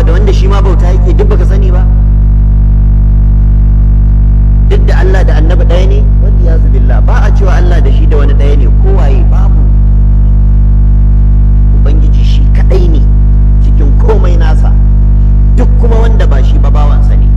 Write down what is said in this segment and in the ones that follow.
bautawa da wanda shi ma bauta yake duk baka sani ba duk da Allah da annabi ɗaya ne wanda ya billah ba a cewa Allah da shi da wani ɗaya ne kowaye babu ubangiji shi kaɗai ne cikin komai nasa duk kuma wanda ba shi ba bawansa ne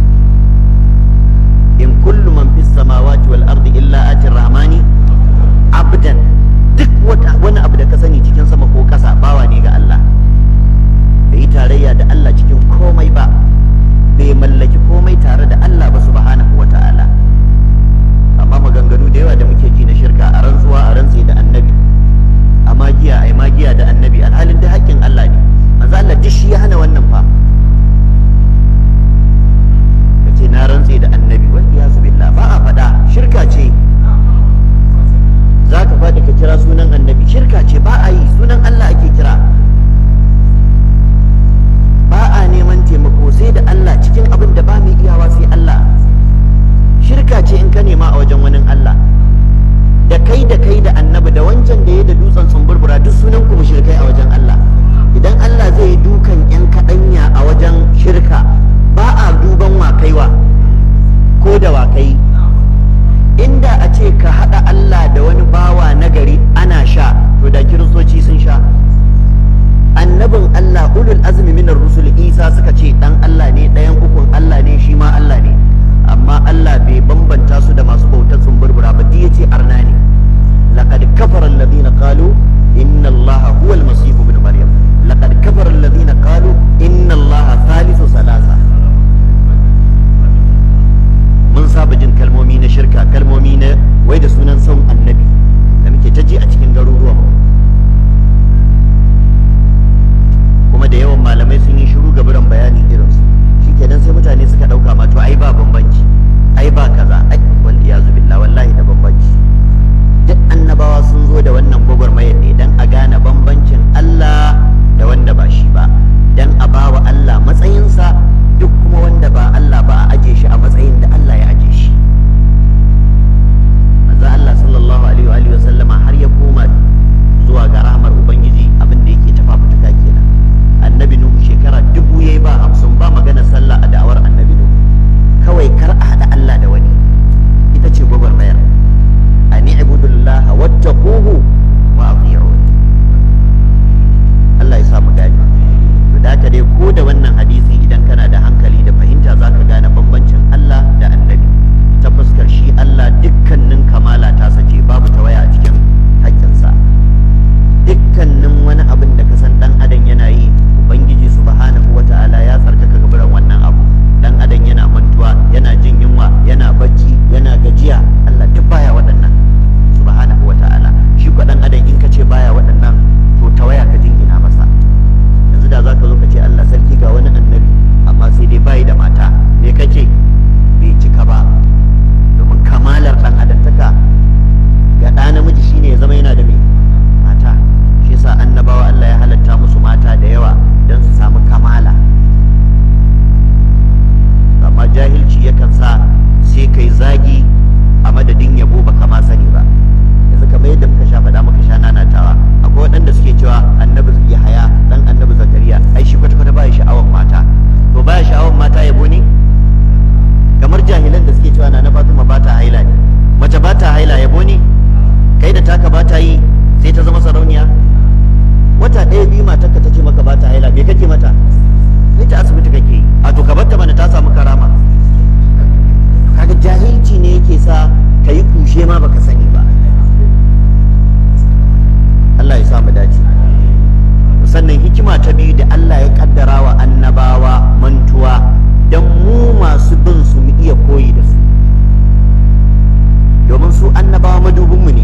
annabawa madubinmu ne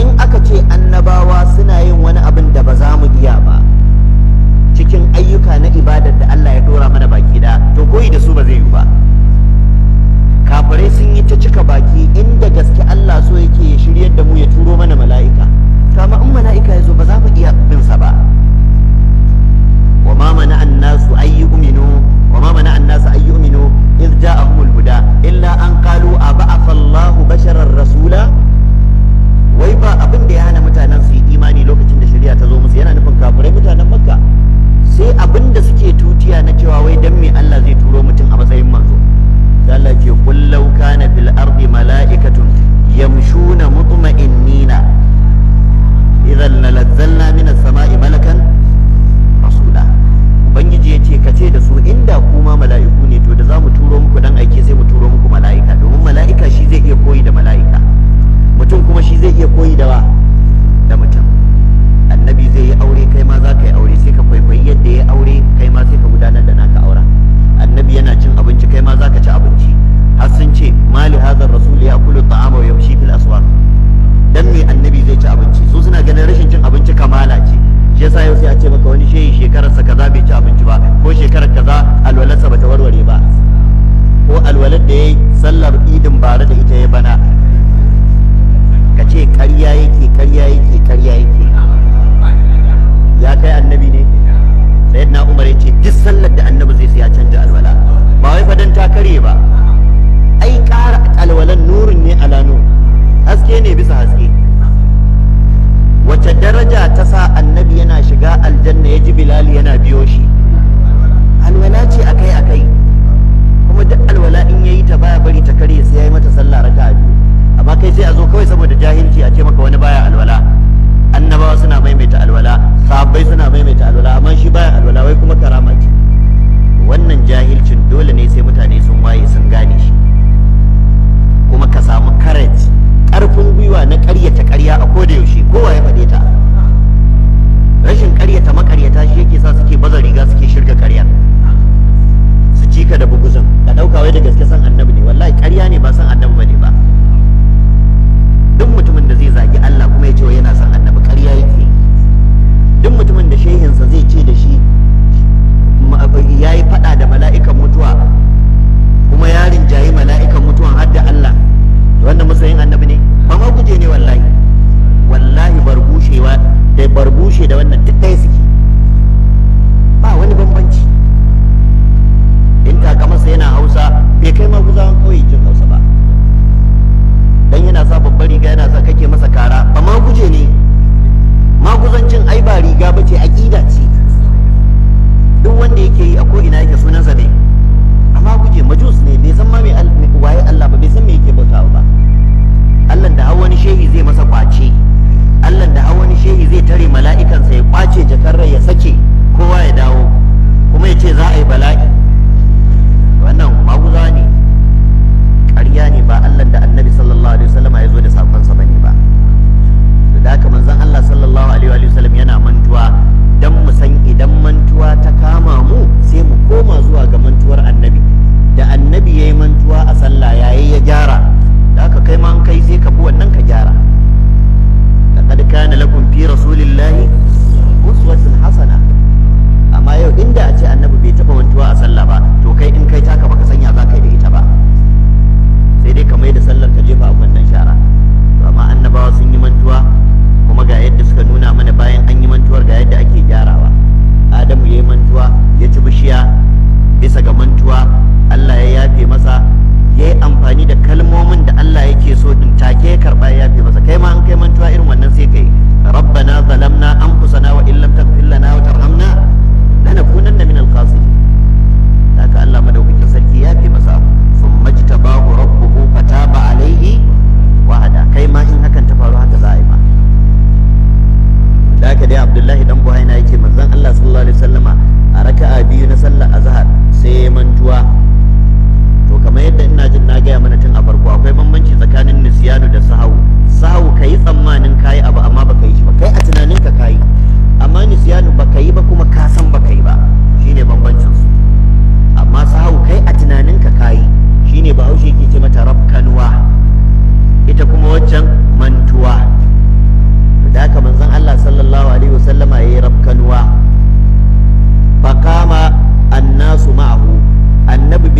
in aka ce annabawa suna yin wani abin da ba za mu iya ba cikin ayyuka na ibadar da Allah ya dora mana baki da to koyi da su ba zai yi ba kafirai sun yi ta cika baki inda gaske Allah so yake ya shiryar da mu ya turo mana mala'ika kama in mala'ika ya zo ba za mu iya sa ba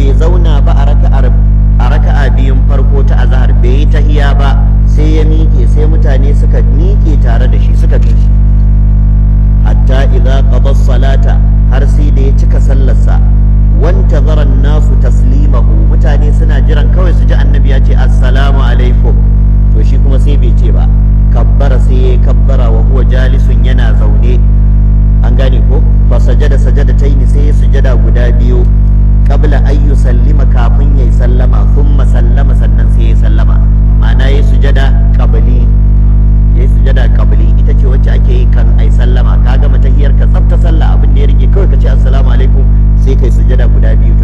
bai zauna ba a raka'a biyun farko ta azahar bai yi tahiya ba sai ya miƙe sai mutane suka miƙe tare da shi suka bi shi hatta idza qada salata har sai da ya cika sallarsa wanta zaran nasu taslimahu mutane suna jiran kawai su ji annabi ya ce assalamu alaikum to shi kuma sai bai ce ba kabbara sai ya qabli yayi sujada kabali ita ce wacce ake yi kan ai sallama ka gama tahiyar ka tsafta sallah abin da ya rige kawai ka ce assalamu alaikum sai kai sujada guda biyu